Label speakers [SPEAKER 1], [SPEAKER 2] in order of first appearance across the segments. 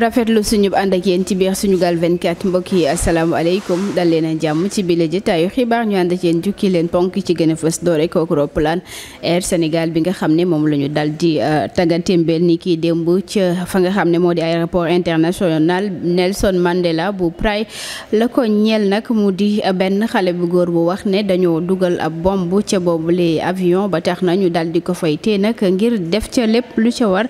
[SPEAKER 1] rafetlu suñu ànd ak yéen ci biir Sunugal 24 mbokk yi asalaamaaleykum dal leen jàmm ci bile jotaayu xibaar ñu ànd ak jukki leen ponk ci gën a fës doore kooku roppalaan Air Sénégal bi nga xam ne moom la ñu dal di euh, taggatémbeel ni kii démb ca fa nga xam ne moo di aéroport international Nelson Mandela bu Praia la ko nag mu di benn xale bu góor bu wax ne dañoo dugal ab bomb ca boobule avion ba tax na ñu dal di ko fay tee nag ngir def ca lépp lu ca war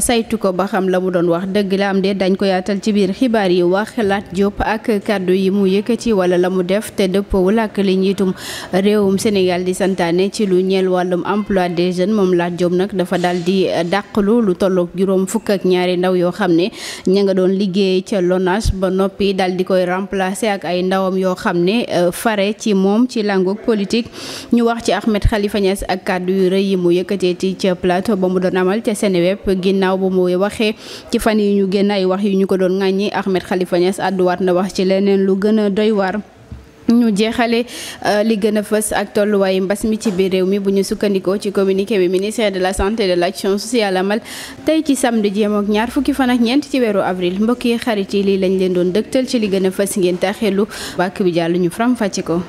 [SPEAKER 1] saytu ko ba xam la mu doon wax dëgg la am de dañ ko yaatal ci biir xibaar yi wax Lat Diop ak kàddu yi mu yëkkati wala la mu def te dëppoowul ak li njiitum réewum Sénégal di santaane ci lu ñel wàllum emploi des jeunes moom Lat Diop nag dafa dal di dàqalu lu tolloog juróom fukk ak ñaari ndaw yoo xam ne ña nga doon liggéey ca LONASE ba noppi daal di koy remplacer ak ay ndawam yoo xam ne euh, fare ci moom ci langu politique ñu wax ci Ahmed Khalifa Niass ak kàddu yu rëy yi mu yëkkatee ci ca plateau ba mu doon amal ca Seneweb ginnaaw na ay wax yu ñu ko doon ŋàññi Ahmed Khalifa Niass àdduwaat na wax ci leneen lu gën a doy waar. ñu jeexale euh, li gën a fës ak tolluwaayu mbas mi ci biir réew mi bu ñu sukkandikoo ci communiqué bi ministère de la santé de l' action sociale amal tey ci samedi jéem ak ñaar fukki fan ak ñeent ci weeru avril mbokk yi xarit yi lii lañ leen doon dëgtal ci li gën a fës ngeen taxelu bàkk bi jàll ñu faram fàcce ko.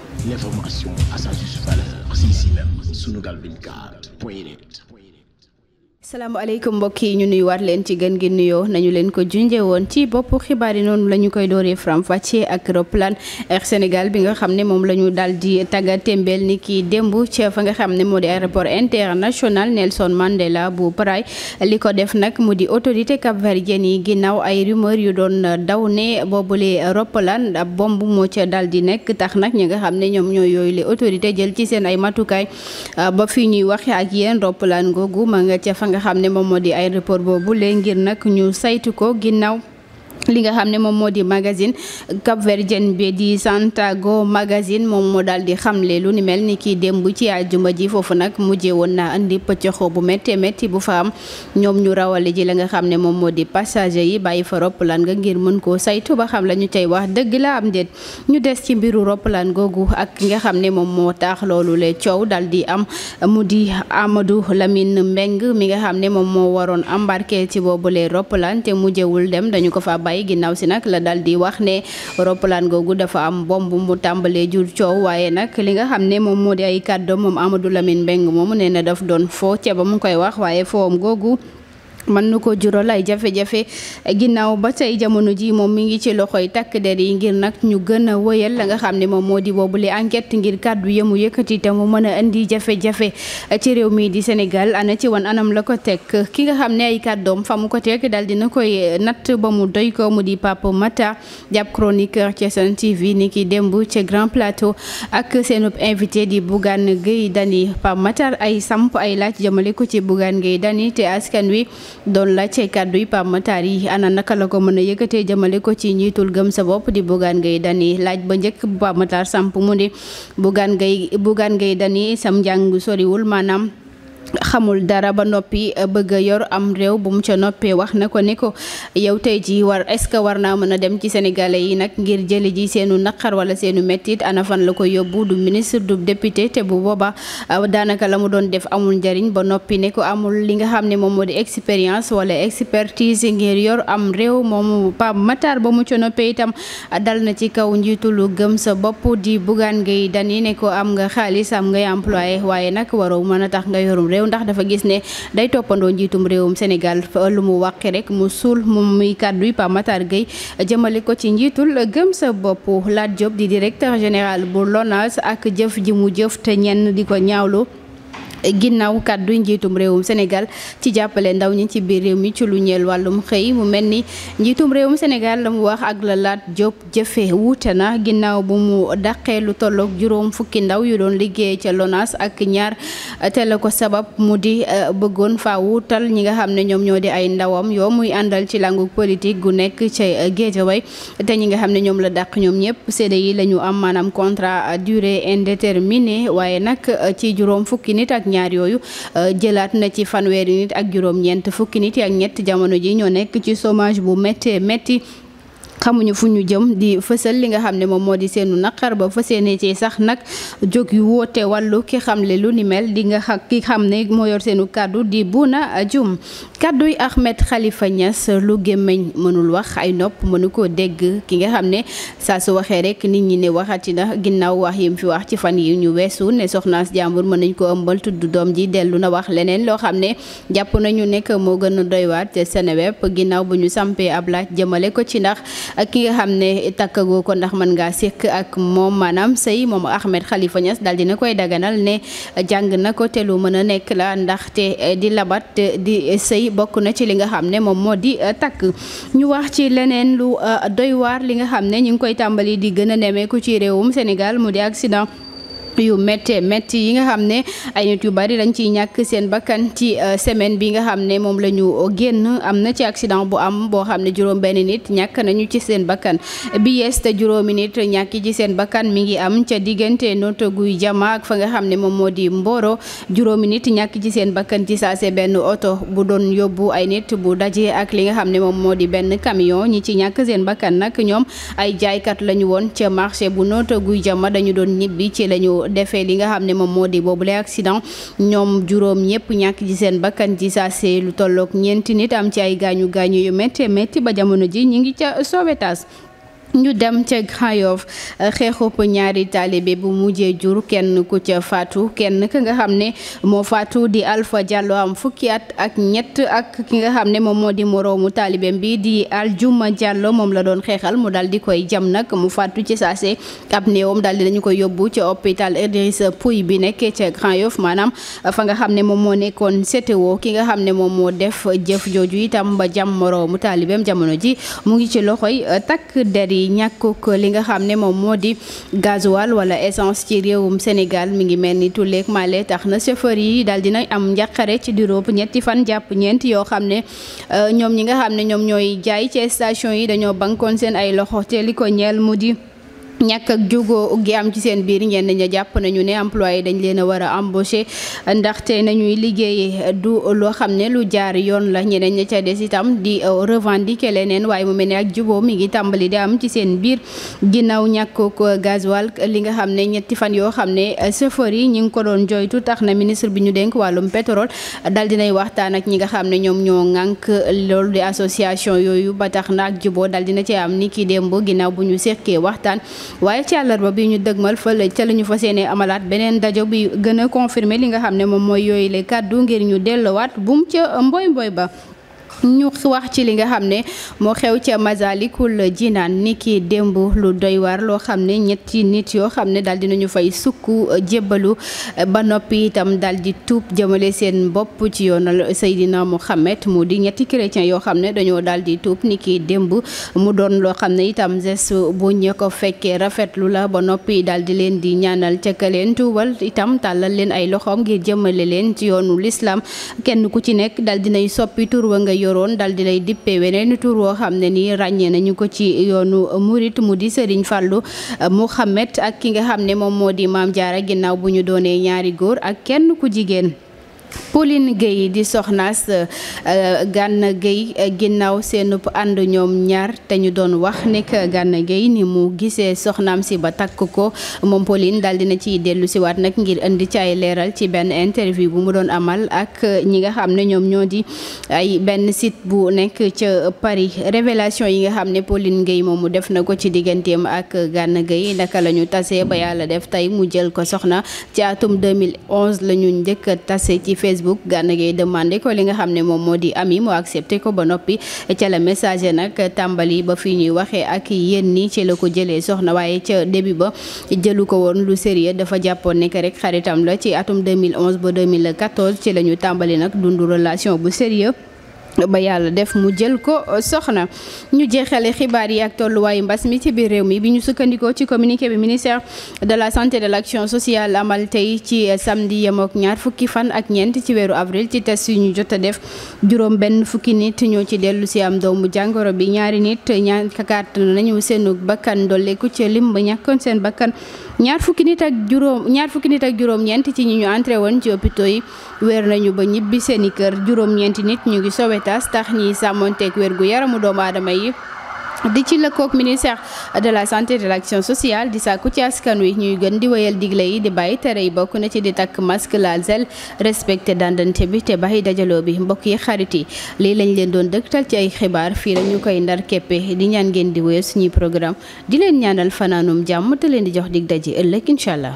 [SPEAKER 1] asalaamaaleykum mbokk yi ñu nuyuwaat leen ci gën gi nuyoo nañu leen ko junjee woon ci bopp xibaar yi noonu la ñu koy dooree faram-fàccee ak roplaan Air Sénégal bi nga xam ne moom la ñu daal di tagga témbeel ni ki démb ci fa nga xam ne moo di aéroport international Nelson Mandela bu Praia li ko def nag mu di autorité capverdienne yi ginnaaw ay rumeur yu doon daw ne boobule roplaan ab bomb moo ca daal di nekk tax nag ñi nga xam ne ñoom ñooy yooyu les autorité jël ci seen ay matukaay ba fii ñuy waxe ak yéen roplaan googu xam ne moom moo di aéroport boobu lee ngir nag ñu saytu ko ginnaaw. li nga xam ne moom moo di magazine Cap Verdien bi di Santiago magazine moom moo daal di xamle lu ni mel ni kii démb ci àjjuma ji foofu nag mujje woon naa indi pëccëxoo bu méttee métti bu fa am ñoom ñu rawale ji la nga xam ne moom moo di passager yi bàyyi fa roppalaan nga ngir mën koo saytu ba xam la ñu tey wax dëgg la am déet ñu des ci mbiru roppalaan googu ak nga xam ne moom moo taax loolu le coow dal di am mu di Amadou Lamine Mbeng mi nga xam ne moom moo waroon embarqué ci boobu le dem Faye ginnaaw si nag la dal di wax ne roppalaan googu dafa am bomb mu tàmbalee jur coow waaye nag li nga xam ne moom moo di ay kàddoom moom Amadou Lamine Mbeng moomu nee na daf doon foo ca ba mu koy wax waaye foom googu mën na ko jural ay jafe-jafe ginnaaw ba tey jamono ji moom mi ngi ci loxoy takk der yi ngir nag ñu gën a wëyal la nga xam ni moom moo di boobule enquête ngir kàddu yëmu yëkkati te mu mën a indi jafe-jafe ci réew mii di Sénégal ana ci wan anam la ko teg ki nga xam ne ay kaddoom fa mu ko teg daal dina koy natt ba mu doy ko mu di Pape Mata jàpp chroniqueur ci Sen TV ni ki démb ci Grand Plateau ak seenub invité di Bougane Gueye Dany Pape Matar ay samp ay laaj jëmale ko ci Bougane Gueye Dany te askan wi doon laaj kàddu yi Pape yi ana naka la ko mën a yëkkatee jëmale ko ci njiitul gëm sa bopp di Bougane Gueye Dany laaj ba njëkk bu Pape Matar samp mu ne Bougane Gueye Bougane Gueye Dany sam njàng soriwul maanaam xamul dara ba noppi euh, bëgg a yor am réew bu mu ca noppee wax na ko ne ko yow tey ji war est-ce que war naa mën a dem ci sénégalais yi nag ngir jëli ji seenu naqar wala seenu mettit ana fan la ko yóbbu du ministre du député te bu booba euh, daanaka la mu doon def amul njariñ ba noppi ne ko amul li nga xam ne moom moo di expérience wala expertise ngir yor am réew moom Pape Matar ba mu ca noppee itam euh, dal na ci kaw njiitu lu gëm sa bopp di Bougane Gueye Dany ne ko am nga xaalis am ngay waaye nag waroo mën a tax nga yorum réew ndax dafa gis ne day toppandoo njiitum réewum Sénégal lu mu wàqi rek mu suul mu muy kàddu yi Pa Matar Gueye jëmale ko ci njiitul gëm sa bopp laat Diop di directeur général bu lonaas ak jëf ji mu jëf te ñenn di ko ñaawlu ginnaaw kàddu njiitum réewum Sénégal ci jàppale ndaw ñi ci biir réew mi ci lu ñeel wàllum xëy mu mel ni njiitum réewum Sénégal la mu wax ak la Lat Diop jëfe wuute na ginnaaw bu mu dàqee lu tollook juróom fukki ndaw yu doon liggéey ca LONASE ak ñaar te la ko sabab mu di e, bëggoon faa wuutal ñi nga xam ne ñoom ñoo di ay ndawam yoo muy àndal ci langu politique gu nekk ca Guédiawaye te ñi nga xam ne ñoom la dàq ñoom ñëpp CDI yi la ñu am maanaam contrat e, durée indéterminée waaye nag e, ci ñaar yooyu euh, jëlaat na ci fanweeri nit ak juróom-ñeent fukki nit ak ñett jamono ji ñoo nekk ci chômage bu méttee métti xamuñu fu ñu jëm di fësal li nga xam ne moom moo di seenu naqar ba fësee ne ci sax nag jóg yu woote wàllu ki xamle lu ni mel di nga xa ki xam ne moo yor seenu kàddu di Bouna Dioum kàdduy Ahmed Khalifa Niass lu gémmiñ mënul wax ay nopp mënu ko dégg ki nga xam ne saa su waxee rek nit ñi ne waxati na ginnaaw wax yim fi wax ci fan yi ñu weesu ne soxnaas jàmbur mën nañ ko ëmbal tudd doom ji dellu na wax leneen loo xam ne jàpp nañu nekk moo gën a doy waat Seneweb ginnaaw bu ñu sampee ab laaj jëmale ko ci ndax ak ki nga xam ne takkagoo ko ndax mën nga séq ak moom maanaam sëy moom Ahmed xalifa Niass daal dina koy daganal ne jàng na ko te lu mën a nekk la ndaxte eh, di labat eh, di sëy bokk na ci li nga xam ne moom moo di eh, takk ñu wax ci leneen lu doy waar li nga xam ne ñu ngi koy tàmbali di gën a nemeeku ci réewum Sénégal mu di accident yu méttee métti yi nga xam ne ay nit yu bari dañ ciy ñàkk seen bakkan ci euh, semaine bi nga xam ne moom la ñu génn am na ci accident bu am boo xam ne juróom nit ñàkk nañu ci seen bakkan bi yees te juróomi nit ñàkk ci seen bakkan mi ngi am ca diggante noto guy jama ak fa nga xam ne moom moo di Mboro juróomi nit ñàkk ci seen bakkan ci saase benn oto bu doon yóbbu ay nit bu dajee ak li nga xam ne moom moo di benn camion ñi ci ñàkk seen bakkan nag ñoom ay jaaykat lañu woon ca marché bu noto guy jama dañu doon ñibbi ci lañu defee li nga xam ne moom moo di boobu boobule accident ñoom juróom ñëpp ñàkk ci seen bakkan ci saa see lu tollook ñeenti nit am ci ay gaañu gaañu yu métti métti ba jamono ji ñu ngi ca Sowétas ñu dem ca Grand Yoff eh, xeexub ñaari taalibe bu mujjee jur kenn ku ca faatu kenn ki nga xam ne moo faatu di Alpha Diallo am fukki at ak ñett ak ki nga xam ne moom moo di moroomu taalibeem bi di Aljuma Diallo moom la doon xeexal mu daal di koy jam nag mu faatu ci saase ab néewam daal di nañu koy yóbbu ca hôpital Idrissa Pouye bi nekkee ca Grand maanaam eh, fa nga xam ne moom moo nekkoon CTO ki nga xam ne moom moo def jëf jooju itam ba jam moroomu taalibeem jamono ji mu ngi ci loxoy eh, takk der ci ñàkkuk li nga xam ne moom moo di gasoil wala essence ci réewum Sénégal mi ngi mel ni tulleeg maale tax na chauffeur yi daal dina am njàqare ci diróob ñetti fan jàpp ñeent yoo xam ne euh, ñoom ñi nga xam ne ñoom ñooy jaay ci station yi dañoo bankoon seen ay loxo te ko ñeel mu di ñàkk ak jugoo gi am ci seen biir ngeen ña jàpp nañu ne employé dañ leen a war a embauché ndaxte nañuy liggéeye du loo xam ne lu jaar yoon la ñeneen ña ca des itam di euh, revendiquer leneen waaye mu mel ne ak jubo mi ngi tàmbali di am ci seen biir ginnaaw ñàkkuk euh, gasoil li nga xam ne ñetti fan yoo xam ne euh, chauffeur yi ñi ngi ko doon joytu tax na ministre bi ñu denk wàllum pétrole dal dinay waxtaan ak ñi nga xam ne ñoom ñoo ŋànk loolu di association yooyu ba tax na juboo dal dina ci am ni ki démb ginnaaw bu ñu seqee waxtaan waaye ci àllarba bi ñu dëgmal fële ca la ñu fas yéene amalaat beneen dajo bi gën a confirmer li nga xam ne moom mooy yooyu le kàddu ngir ñu delluwaat bum ca mboy mboy ba ñu wax ci li nga xam ne moo xew ca Masalikul Jinaan ni ki démb lu doy loo xam ne ñetti nit yoo xam ne daal dinañu fay sukk euh, jébbalu euh, ba noppi itam daal di tuub jëmale seen bopp ci yoonal Seydina Mohamed mu di ñetti chrétien yoo xam ne dañoo daal di tuub ni ki démb mu doon loo xam ne itam geste bu ñu ko fekkee rafetlu la ba noppi daal di leen di ñaanal ca ka leen tuubal itam tàllal leen ay loxoom ngir jëmale leen ci yoonu lislaam kenn ku ci nekk daal dinay soppi tur nga yoroon dal di lay dippe weneen tur woo xam ne ni ràññee nañu ko ci yoonu murit mu di Serigne Fallou eh, Mouhamed ak ki nga xam ne moom moo di Maam Jaara ginnaaw bu ñu doonee ñaari góor ak kenn ku jigéen Pauline Gueye di soxnaas euh, Gana Gueye euh, ginnaaw seenub ànd ñoom ñaar te ñu doon wax nekk Gana Gueye ni mu gisee soxnaam si ba takk ko moom Pauline daal dina ciy dellu siwaat nag ngir indi ci ay leeral ci benn interview bu mu doon amal ak ñi nga xam ne ñoom ñoo di ay benn site bu nekk ca Paris révélation yi nga xam ne Pauline moom mu def na ko ci digganteem ak Gana Gueye naka la ñu ba yàlla def tey mu jël ko soxna ci atum 2011 la tase ci Facebook Gana Gueye demandé ko li nga xam ne moom moo di ami mu accepté ko ba noppi ca la message nag tàmbali ba fi ñuy waxee ak yéen ni ci la ko jëlee soxna waaye ca début ba jëlu ko woon lu sérieux dafa jàppoon nekk rek xaritam la ci atum 2011 ba 2014 ci la ñu tàmbali nag dundu relation bu sérieux ba yàlla def mu jël ko euh, soxna ñu jeexale xibaar yi ak tolluwaayu mbas mi ci biir réew mi bi ñu sukkandikoo ci communiqué bi ministère de la santé de l' action sociale amal tey ci euh, samedi yem ak ñaar fukki fan ak ñeent ci weeru avril ci test yu ñu jot a def juróom benn fukki nit ñoo ci dellu si am doomu jàngoro bi ñaari nit ñaan kakaat nañu seenu bakkan dolleeku ci lim ba ñàkkoon seen bakkan ñaar fukki nit ak juróom ñaar fukki nit ak juróom-ñeent ci ñi ñu entré woon ci hôpitaux yi wér nañu ba ñibbi seeni kër juróom-ñeenti nit ñu ngi Sowétas tax ñiy sàmmonteeg wér gu yaramu doomu aadama yi di ci lëkkoog ministère de la santé et de l'action sociale di sàkku ci askan wi ñuy gën di woyal digle yi di bàyyi tere yi bokk na ci di takk masque laal zel respecté dandante bi te bàyyi dajaloo bi mbokk yi xarit yi lii lañ leen doon dëgtal ci ay xibaar fii la ñu koy ndar keppe di ñaan ngeen di wéyal suñuy programme di leen ñaanal fanaanum jàmm te leen di jox dig daji ëllëg incha allah.